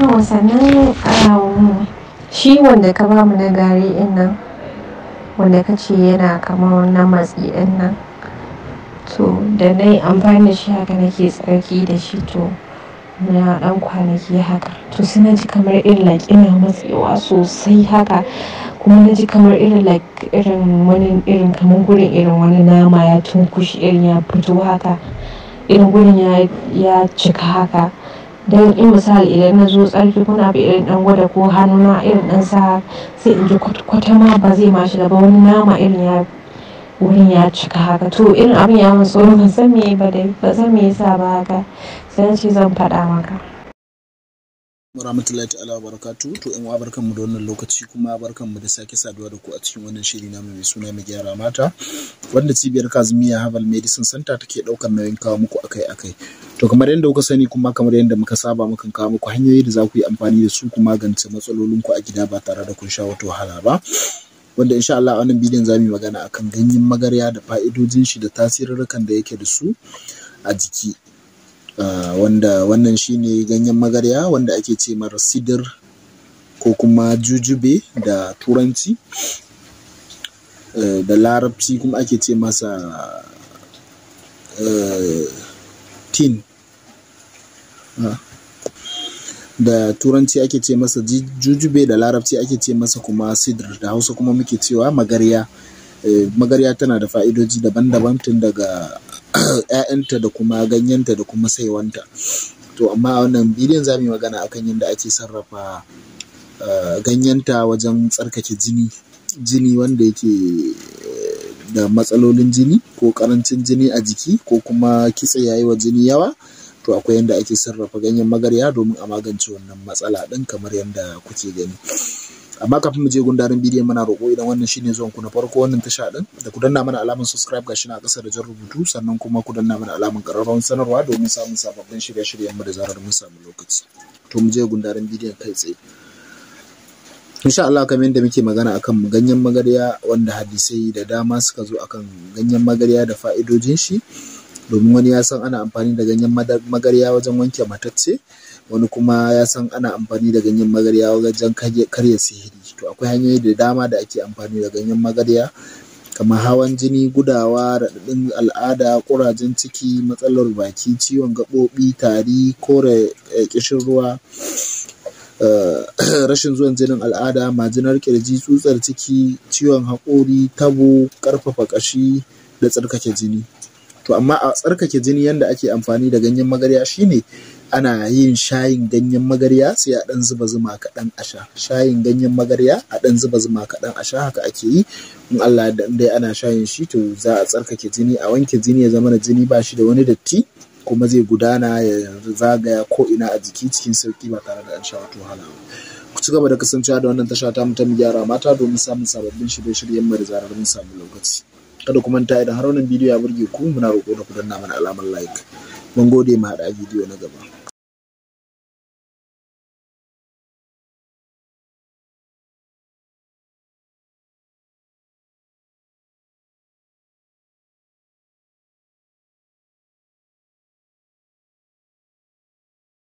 yawa sannan shi wanda ka bamu na gari in nan wanda ka ce yana kamar na matsi in nan to da na yi amfani da shi haka nake tsarki da shi to na dan kwanaki haka to sai na ji kamar irin like ina matsewa sosai haka kuma na ji kamar irin like irin wani irin kamar gurin irin wani nama ya tunkushi irin ya fito haka irin gurin ya cika haka don in misali idan na zo tsarki kuna bi irin dan gwada ko hannu na irin dan sa sai in ji kwata ma ba zai ma shiga ba wani nama irin ya wurin ya cika haka to irin abin ya min tsoro ban san me ba dai ba san me yasa ba haka sai ce zan faɗa maka Muramatullahi ta'ala wa barakatu to in wa mu da wannan lokaci kuma mu da sake saduwa da ku a cikin wannan shiri namu mai suna mai gyara mata wanda cibiyar Kazmiya Herbal Medicine Center take daukar nauyin kawo muku akai-akai. To kamar yadda kuka sani kuma kamar yadda muka saba muka kawo muku hanyoyi da za ku yi amfani da su ku magance matsalolin ku a gida ba tare da kun sha wato wahala ba. Wanda insha Allah a wannan bidiyon za mu yi magana akan ganyen magarya da fa'idojin shi da tasirirrikan da yake da su a jiki. Ah, wanda wannan shine ganyen magarya wanda ake ce mar sidir ko kuma jujube da turanci eh, da larabci kuma ake ce masa eh, tin da turanci ake ce masa jujube da larabci ake ce masa kuma sidr da hausa kuma muke cewa magarya eh, magarya tana da fa'idoji daban-daban tun daga 'ya'yanta da kuma ganyenta da kuma saiwanta to amma a wannan bidiyon za mu yi magana akan yadda ake sarrafa eh, ganyenta wajen tsarkake jini jini wanda yake eh, da matsalolin jini ko karancin jini a jiki ko kuma kitse yayi wa jini yawa to akwai yadda ake sarrafa ganyen magarya domin a magance wannan matsala ɗin kamar yadda kuke gani amma kafin mu je gundarin bidiyon muna roƙo idan wannan shine zuwan ku na farko wannan tasha din da ku danna mana alamar subscribe gashi na ƙasa da jan rubutu sannan kuma ku danna mana alamar ƙararrawar sanarwa domin samun sababbin shirye-shiryen mu da zarar mun samu lokaci to mu je gundarin bidiyon kai tsaye insha Allah kamar yadda muke magana akan ganyen magarya wanda hadisai da dama suka zo akan ganyen magarya da fa'idojin shi domin wani ya san ana amfani da ganyen magarya wajen wanke matacce wani kuma ya san ana amfani da ganyen magarya wajen karya sihiri to akwai hanyoyi da dama da ake amfani da ganyen magarya kamar hawan jini gudawa raɗaɗin al'ada ƙurajen ciki matsalar baki ciwon gaɓoɓi tari kore eh, ƙishin ruwa eh, rashin zuwan jinin al'ada majinar ƙirji tsutsar ciki ciwon haƙori tabo ƙarfafa ƙashi da tsarkake jini to amma a tsarkake jini yadda ake amfani da ganyen magarya shine ana yin shayin ganyen magarya sai a dan zuba zuma kaɗan a sha shayin ganyen magarya a ɗan zuba zuma kaɗan a sha haka ake yi in Allah da dai ana shayin shi to za a tsarkake jini a wanke jini ya zama na jini ba shi da wani datti kuma zai gudana ya zagaya ko ina a jiki cikin sauki ba tare da an sha wata wahala ba ku ci gaba da kasancewa da wannan tasha ta mu ta mu gyara mata domin samun sababbin shirye-shiryen mu da zarar mun samu lokaci kada kuma manta idan har wannan bidiyo ya burge ku muna roƙo da ku danna mana alamar like mun gode ma da bidiyo na gaba